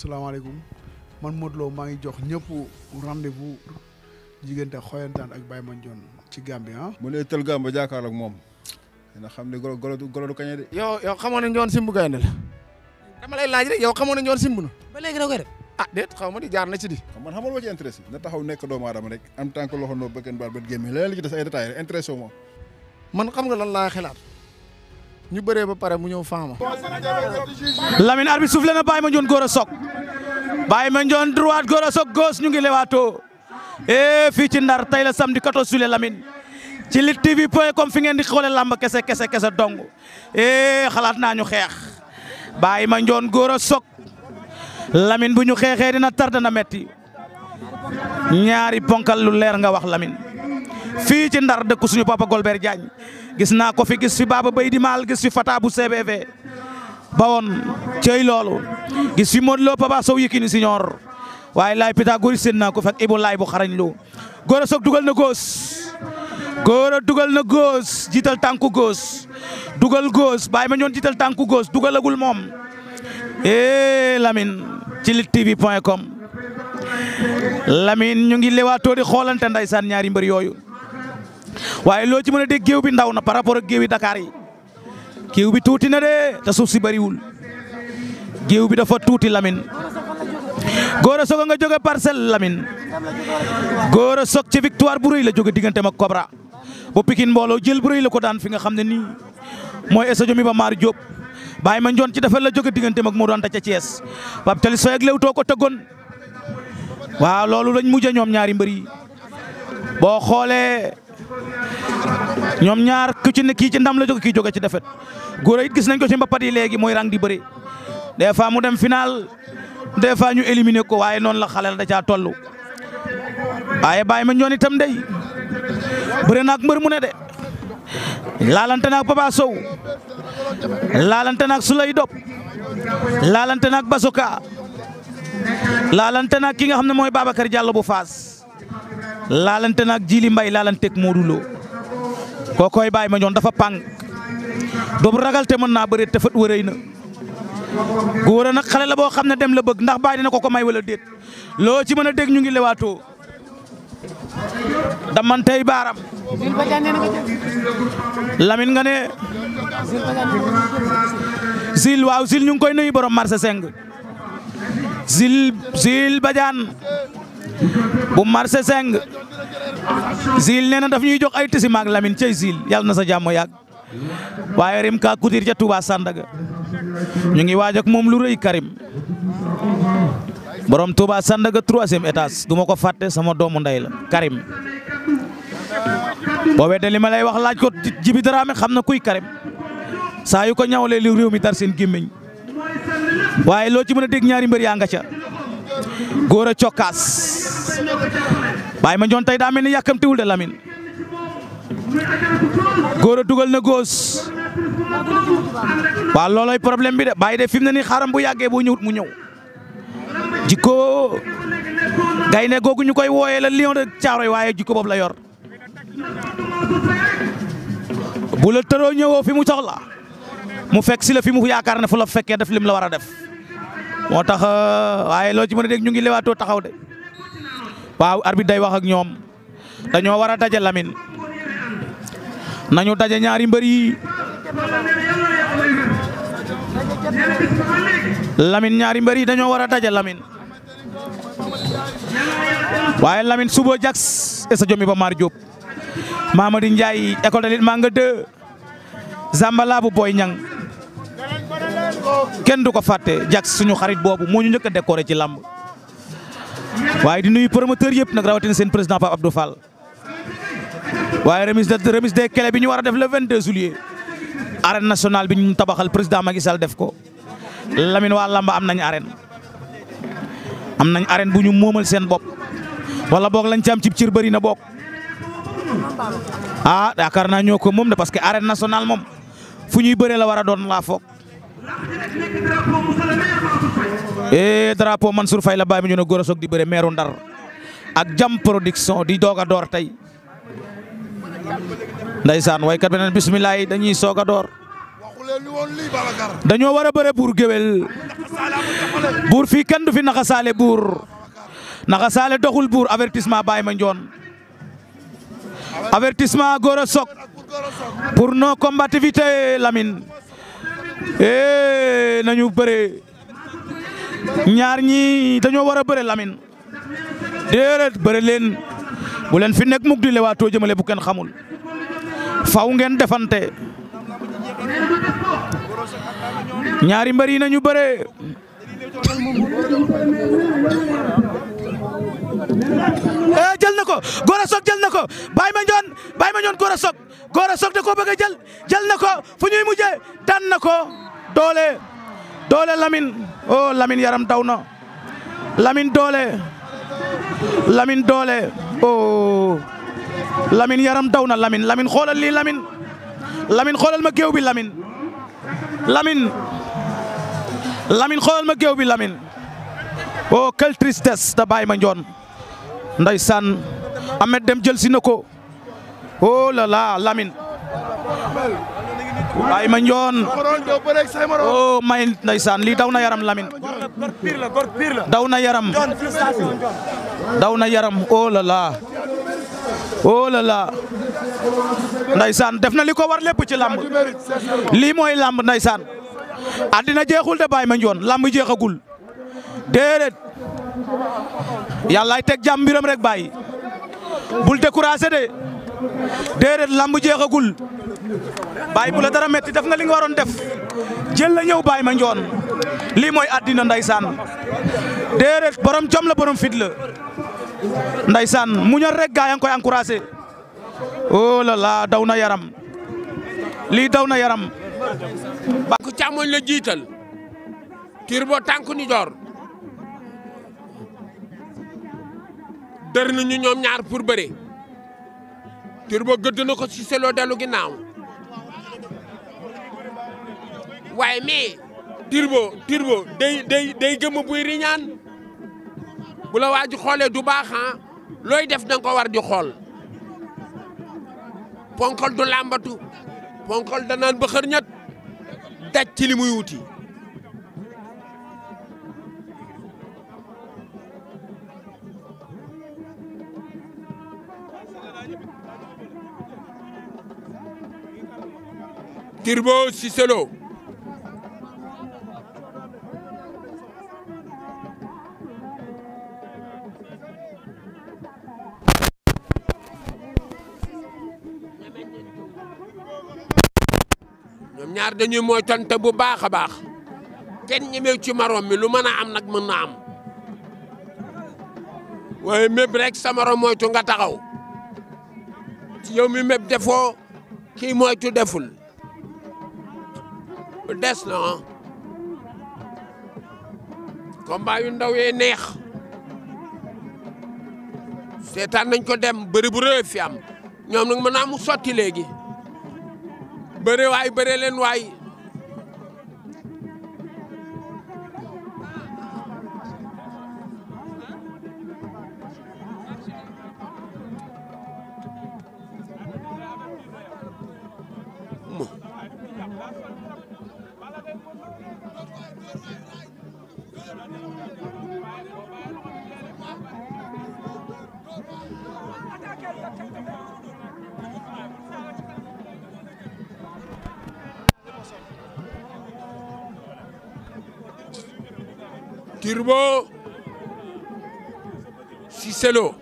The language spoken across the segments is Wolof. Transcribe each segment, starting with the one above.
salaamaaleykum man Modou Lo maa ngi jox ñëpp rendez bu diggante Xoyantaan ak Baye Mandione ci Gambie ah. mu ne tël Gambie jàkkaarloog moom dina xam ne golo golo du golo du kañe de. yow yow xamoon nañu woon simb gaynde la dama lay laaj rek yow xamoon nañu woon simb ba léegi da koy ah déet xaw ma di jaar na ci di. man xamal ma ci intéressé na taxaw nekk doom aadama rek en tant que loxo noor bëgën baal bët gémmi leneen li ci des ay détails rek intéressé wu man xam nga lan laa xalaat ñu bëree ba pare mu ñëw faama. Lamine arbitre soufflé na Baye Mandione góor a soog Baye Mandione droite Gora Sock gauche ñu ngi lewaatoo eh fii ci Ndar tey la samedi 14 juillet ci Lutte TV point com fi ngeen di xoolee làmb kese kese kese dong eh xalaat naa ñu xeex ma Baye Mandione a Sock Lamine bu ñu xeexee dina tar na metti ñaari ponkal lu leer nga wax lamin fii ci Ndar dëkk suñu papa Golbert Diagne gis naa ko fi gis fi Baba Bay gis fi Fata bu CBV ba won cey loolu gis fi Modou Lo Papa Sow Yékini Senior waaye laay pythagorique seen naa ko fekk Ibou laay bu xarañ lu góor a soog dugal na góos góor a dugal na góos jiital tànku góos dugal góos bàyyi ma ñoon jiital tànku góos dugalagul moom ee eh, Lamine ci Lutte TV point com Lamine ñu ngi lewaatoo di xoolante saan ñaari mbër yooyu waaye loo ci mën a dégg géew bi ndaw na par rapport ak géew yi Dakar yi géew bi tuuti na de te suuf si bariwul géew bi dafa tuuti lamin Lamine Gora Sock nga parcel lamin Lamine Gora Sock ci victoire bu rëy la jóge diggante ak Cobra bu Pikine mbooloo jël bu la ko daan fi nga xam ne nii mooy stade ba maar Diop bàyyi ma njoon ci defal la jóge digganteem ak Modou Anta ca Thiès Pape Tali Sow ak Leewtoo ko tëggoon waaw loolu lañ mujj ñoom ñaari mbër yi boo xoolee ñoom ñaar ku ci kii ci ndam la jóge kii jóge ci defet góor it gis nañ ko ci mbapat yi léegi mooy rang di bëri des fois mu dem final des fois ñu éliminer ko waaye noonu la xale la da caa toll. waaye bàyyi ma ñoon itam dey bëri naag mbër mu ne de laalante naag Papa Sow laalante naag Sulay Dop laalante naag Basoka laalante naag ki nga xam ne mooy Babacar Diallo bu Faas laalante naag Jili Mbay laalanteeg Modou Lo kookoy Baye Mandione dafa pang doomu ragal te mën naa bëre te fët wërëy na góor xale la boo xam ne dem la bëgg ndax Baye dina ko ko may walla déet loo ci mën a dégg ñu ngi lewaatoo daman tey baaram lamin nga ne Zil waaw Zil ñu ngi koy nuyu borom marché seng Zil Zil bu marché seng zil nee na daf ñuy jox ay tisi maag Lamine cey zil yàlla na sa jàmm yàgg waaye rim ka kutir ca Touba Sandaga ñu ngi waaj ak moom lu rëy Karim borom Touba Sandaga troisième étage du ma ko fàtte sama doomu ndey la Karim boo weddee li wax laaj ko jibi xam na kuy Karim saa yu ko ñawlee li réew mi dar seen gémmiñ waaye loo ci mën a dégg ñaari mbër yaa nga ca góor a Baye ma tey daa mel ni yàkkamtiwul de Lamine góor a dugal na góos waaw loolooy problème bi de Baye de fi mu ne nii xaaram bu yàggee boo ñëwut mu ñëw jikko gaynde googu ñu koy wooyee la lion de Thiaroye waaye jikko boobu la yor bu la tëroo ñëwoo fi mu soxla mu fekk si la fi mu yaakaar ne fu la fekkee def lim la war a def moo tax waaye loo ci mën a dégg ñu ngi lewaatoo taxaw de. waaw arbitre day wax ak ñoom dañoo war a daje lamin nañu daje ñaari mbër yi Lamine ñaari mbër yi dañoo war a daje lamin waaye lamin suba jax sa jomi ba Mar Diop Mamadi Ndiaye école de lit maa nga deux Zambala bu Boy Niang kenn du ko fàtte jax suñu xarit boobu moo ñu jëkk a décoré ci lamb waaye di nuyu promoteur yëpp nag rawatina seen président Pape Abdou waaye remis de remise des clés bi ñu war a def le 22 juillet arène nationale bi ñu tabaxal président Macky Sall def ko Lamine waa Lamba am nañ arène am nañ arène bu ñu moomal seen bopp wala boog lañ ci am cib cir bëri na boog ah yaakaar naa ñoo ko moom de parce que arène national moom fu ñuy bëree la war a doon laa foog. eh drapeau Mansour Faye la baay mi ñu ne Gora Sock di bëre meeru Ndar ak jam production di doog a door tey ndaysaan waykat beneen bismillah yi dañuy soog a door war a bëre buur géwél buur fii kenn du fi naxa saale buur naxa doxul buur avertissement baay ma njoon avertissement Gora Sock pour non combativité Lamine eh nañu bare ñaar ñii dañoo war a bëre Lamine déedéet leen bu leen fi nekk mukk di lewaatoo jëmale bu kenn xamul faw ngeen defante ñaari mbër yi nañu bare Eh, jël na ko Gora Sock jël na ko Baye Mandione Baye Mandione Gora da koo bëgg jël jël na ko fu ñuy mujjee daan na ko doole doole Lamine oh, lamin yaram daw na lamin doole Lamine doole oh yaram daw na lamin lamin xoolal lii lamin lamin xoolal ma géew bi Lamine lamin Lamine xoolal ma géew bi Lamine oh quelle tristesse da Baye Mandione ndeysaan Amet dem jël si na ko oh la la Lamine ay ma ñoon oh may ndeysaan lii daw na yaram lamin daw na yaram daw na yaram oh la la oh la saan def na li ko war lépp ci làmb lii mooy làmb ndeysaan àddina jeexul de bàyyi ma ñoon làmb jeexagul déedéet yàllaay teg jàmm rek bàyyi bul découragé de déedéet lamb jeexagul bàyyi bu la dara metti def nga li nga waroon def jël la ñëw bàyyi ma njoon lii mooy àddina ndaysaan déedéet borom jom la borom fit la ndaysaan muñal rek gaa yaa ngi koy encouragé la oh la daw na yaram lii daw na yaram. tànk càmmoñ la jiital turbo tànk ni joor dër nañu ñoom ñaar pour bëre Turbo gëdd na ko ci selo dellu ginnaaw waaye mais tirbo tirbo day day day gëmm buy riñaan bu la ji xoolee du baax ah looy def danga ko war di xool ponkol du làmbatu ponkol danaan ba xër ci li muy wuti Thierno Cissé ñoom ñaar dañuy moytante bu baax a baax kenn ñemew ci marom mi lu mën a am nag mën na am waaye mépp rek sa marom moytu nga taxaw yow mi mépp defoo kii moytu deful des na ah yu ndaw yee neex seetaan nañ ko dem bëri fi am ñoom nag mën naa mu sotti léegi bëre waay bëre waay. Turbo Cicelo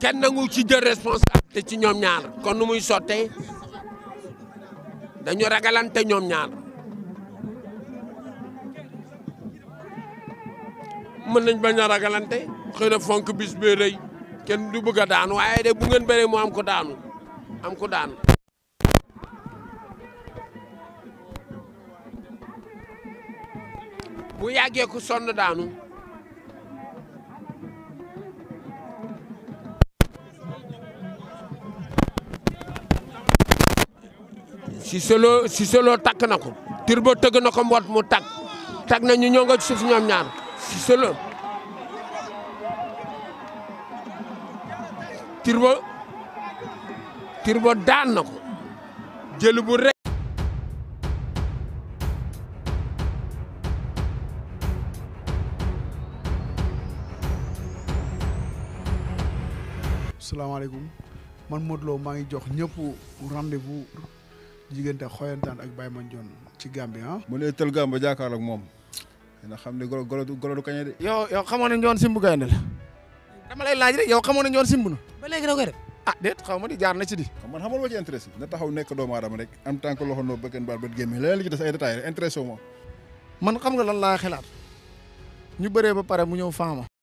kenn nangu ci jël responsabilité ci ñoom ñaar kon nu muy sottee dañu ragalante ñoom ñaar mën nañ bañ ragalante xëy fonk bis bee kenn du bëgg a daanu waaye de bu ngeen mu am ko daanu am ko daanu. bu yàggee ku sonn daanu. Cissolo Cissolo takk na ko Turbo tëgg na ko mboot mu takk takk na ñu ñoo nga ci suuf ñoom ñaar Cissolo Turbo Turbo daan na ko jël bu rek maa ngi jox ñëpp jiggante xoyantaan ak Baye Mandione ci Gambie ah. mu ne tël Gambie jàkkaarloo ak moom. dina xam ne golo golo du golo du kañe de. yow yow xamoon nañu woon simbu gaynde la. dama lay laaj rek yow xamoon nañu woon simbu na. ba léegi da ah déet xaw ma di jaar na ci di. man xamal ma ci intéressé na taxaw nekk doomu aadama rek en tant que loxo noor bëgën baal bët gémmi leneen li ci des ay détails intéressé wu man xam nga lan laa xalaat ñu bëree ba pare mu ñëw faama